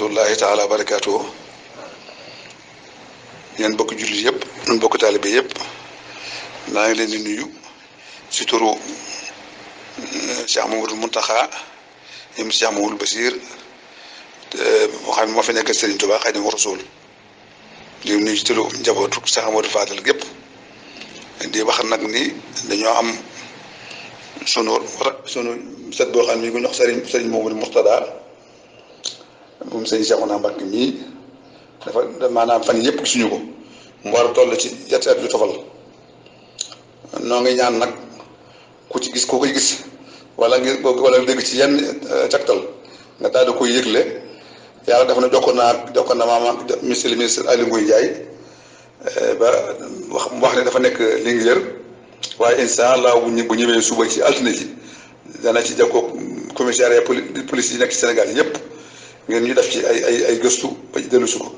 rahmatullahi taala barakaatu yéen bokk jullit yëpp ñun bokk taalibe yëpp maa ngi leen di nuyu si euh, Cheikh Mamadou Mountakha ñoom Cheikh Mamadou Basir moo xam moo fi nekk Serigne Touba Xaadimu Rasuul di nuyu si turu njabootu Cheikh Mamadou Fadel gépp di wax nag ni dañoo am sunu sunu set boo xam ne ñu ngi ko jox Serigne Serigne moom sëñ Cheikhouna Mbacké mii dafa maanaam fan yëpp gisuñu ko mu war a toll ci ñetti at yu tofal noo ngi ñaan nag ku ci gis koo koy gis wala ngi wala dégg ci yenn euh, cagtal nga daal di koy yëgle yàlla dafa ne naa jokkoon na maama monsieur le ministre Aly Ngouille Ndiaye euh, ba mu wax ne dafa nekk Linguère waaye insha allah bu ñu suba ci altine ji dana ci jokkoog commissariat police yi nekk ci Sénégal yëpp ngeen ñu def ci ay ay ay gëstu ba ci dellu si ko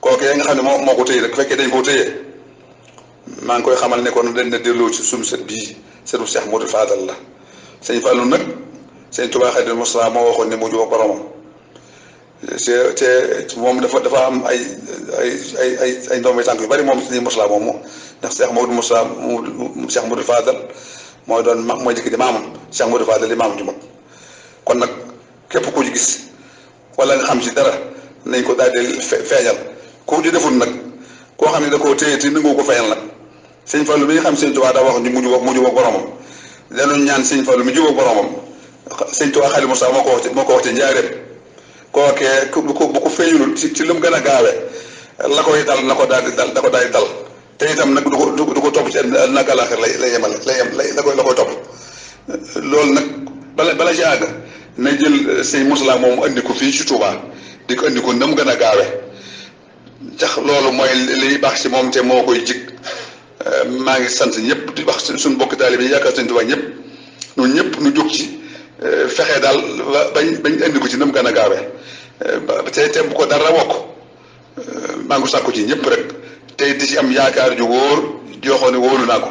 kookee nga xam ne moo moo ko téye rek bu fekkee dañ koo téye maa ngi koy xamal ne kon dañ na delloo ci suñu set bii setu Seex Moodu Faadal la sëñ Fallou nag sëñ Tuubaa Xaadimu Mustafaa moo waxoon ne mu juba boromam te moom dafa dafa am ay ay ay ay ay ndombay tànk yu bari moom sëñ Mustafaa moom moo ndax Seex Moodu Mustafaa mu Seex Moodu Faadal mooy doon ma mooy jëkk di maamam Seex Moodu Faadal di maamam ji moom kon nag képp ku ci gis wala nga xam ci dara nañ ko daal fe feeñal ku di deful nag koo xam ne da koo téye te nangu ko feeñal nag sëñ Fallou mi nga xam sëñ Tuubaa daa wax ni mu jubóog mu jubóog boromam danañ ñaan sëñ Fallou mi jubóog boromam sëñ Tuubaa Xaadimu Mustafaa moo ci moo ko wax ci njaareem kookee ku bu ko bu ko ci ci lu mu gën a gaawee la koy dal na ko daal di dal na ko daal di te itam nag du ko du ko topp ci àddina ak àllaaxira lay lay yemal lay yem lay la koy la koy topp loolu nag bala bala ci àgg. na jël euh, sëñ Moussa moom andi ko fii ci Touba di ko andi ko na gën a gaawe tax loolu mooy liy baax si moom te moo koy jig euh, maa ngi sant ñëpp di wax suñ mbokki taalibe yi yaakaar sëñ Touba ñëpp ñun ñëpp nu jóg ci euh, fexe daal bañ bañ andi ko ci na mu a gaawe te te ko dara wokk maa ngi sàkku ci ñëpp rek tey di ci am yaakaar ju wóor joo xam naa ko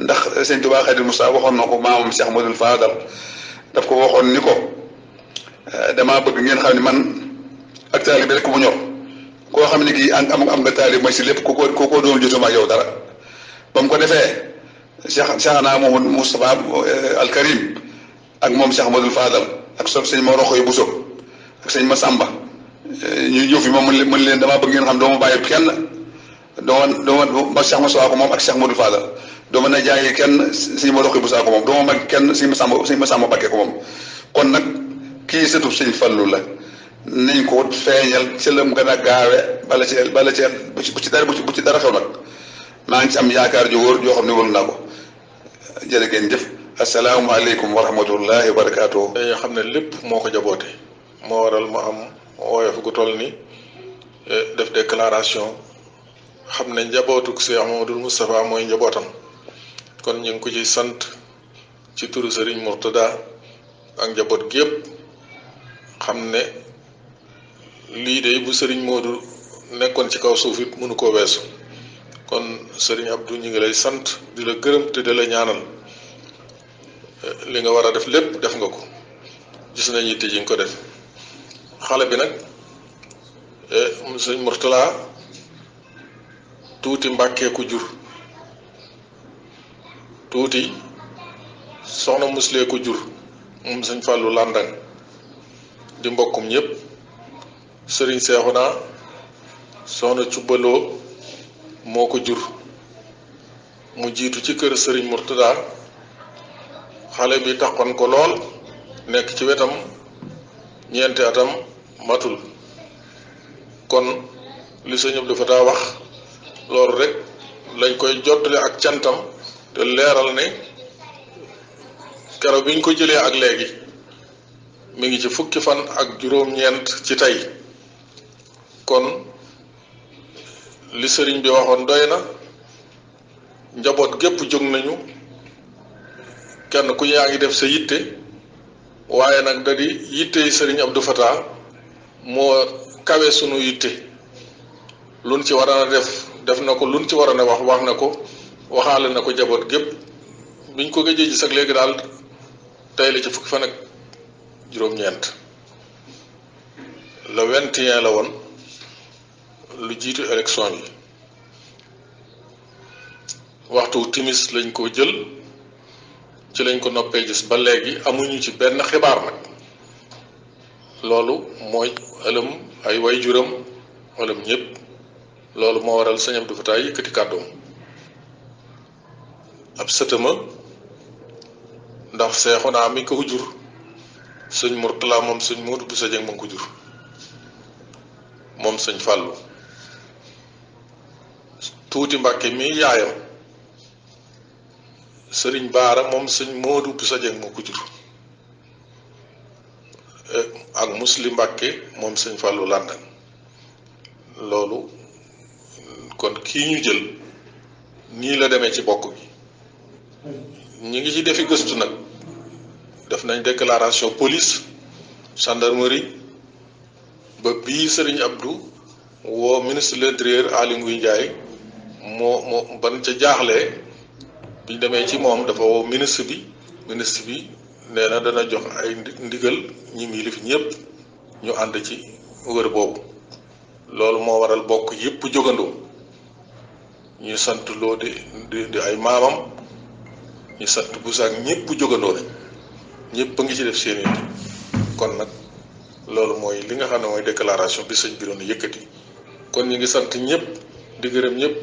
ndax sëñ Touba Xaadimu Mustafaa waxoon na ko maamam Cheikh Modou Fadal daf ko waxoon ni ko eh, damaa bëgg ngeen xam ne man ak taalibe rek mu ñor koo xam ne kii am am nga taalibe mooy si lépp ku ko ku ko yow dara ba mu ko defee Cheikh Cheikh naa moom Moustapha eh, Al Karim ak moom Cheikh Modou Fadal ak so sëñ roxo Roxoy Bousso ak ma Massamba eh, ñu ñëw fi moom mën leen damaa bëgg ngeen xam doo ma bàyyi kenn. dooma dooma ma Cheikh Moussa ko moom ak Cheikh Modou Fadal dooma na jaayee kenn sëñ ma doxi Moussa ko moom dooma mag kenn sëñ Massamba sëñ Massamba Mbacké ko moom kon nag kii sëtu sëñ Fallu la nañ ko feeñal ci lam gën a gaawe bala ci bala ci bu ci bu ci dara bu ci dara xew nag maa ngi ci am yaakaar ju wóor joo ni ne wóor naa ko jërë ngeen jëf asalaamaaleykum wa rahmatullahi wa barakaatu. yoo xam ne lépp moo ko jaboote moo waral mu am woyof gu toll ni eh, def déclaration xam ne njabootuk Seex Muhammadul Moustapha mooy njabootam kon ñu ngi ko ci sant ci turu Serigne Mourtada ak njaboot gépp xam ne lii de bu Serigne Modou nekkoon ci kaw suuf it mënu koo weesu kon Serigne Abdou ñu ngi lay sant di la gërëm te di la ñaanal li nga war a def lépp def nga ko gis nañu te ji nga ko def xale bi nag eh, Serigne Mourtada tuuti mbàkkee ku jur tuuti soxna muslee ku jur moom sëñ fàllu làndang di mbokkum ñépp sëriñ seexuna soxna cubbaloo moo ko jur mu jiitu ci kër sëriñ murtada xale bi taxoon ko lool nekk ci wetam ñeenti atam matul kon li sëñ Abdou Fatah wax loolu rek lañ koy jottale ak cantam te leeral ne keroog bi ñu ko jëlee ak léegi mu ngi ci fukki fan ak juróom-ñeent ci tey kon li sëriñ bi waxoon doy na njaboot gépp jóg nañu kenn ku yaa ngi def sa yitte waaye nag da di sëriñ ab Fatah moo kawe sunu yitte luñ ci war a def def na ko luñ ci war a ne wax wax na ko waxaale na ko jaboot gépp biñ ko gëjee gis sag léegi daal tey la ci fukki fan ak juróom-ñeent le 21 la woon lu jiitu élection yi waxtu timis lañ ko jël ci lañ ko noppee gis ba léegi amuñu ci benn xibaar nag loolu mooy ëlëm ay way juróom ëlëm ñëpp loolu moo waral sëñ Abdou Fatah yëkkati kàddoom ab sëtëma ndax seexunaa mi ko jur sëñ Murtala moom sëñ bu sa jëng ko jur moom sëñ Fàllu tuuti Mbàkke mi sëriñ Baara moom sëñ Moodu bu sa jëng ma ko jur eh, ak Muslim Mbàkke moom sëñ Fàllu London loolu kon kii ñu jël nii la demee ci bokk gi ñu ngi ci defi gëstu nag def nañ déclaration police gendarmerie ba bii sëriñ Abdou woo ministre de l'intérieur Aly Ngouille Ndiaye moo moo ban ca jaaxle biñ demee ci moom dafa woo ministre bi ministre bi nee na dana jox ay ndigal ñi muy lif ñëpp ñu ànd ci wër boobu loolu moo waral bokk yëpp jógandoo ñu sant loo di di ay maamam ñu sant bu saak ñëpp jógandoo nañ ñëpp a ngi ci def seen kon nag loolu mooy li nga xam ne mooy déclaration bi sëñ bi doon yëkkati kon ñu ngi sant ñëpp di gërëm ñëpp.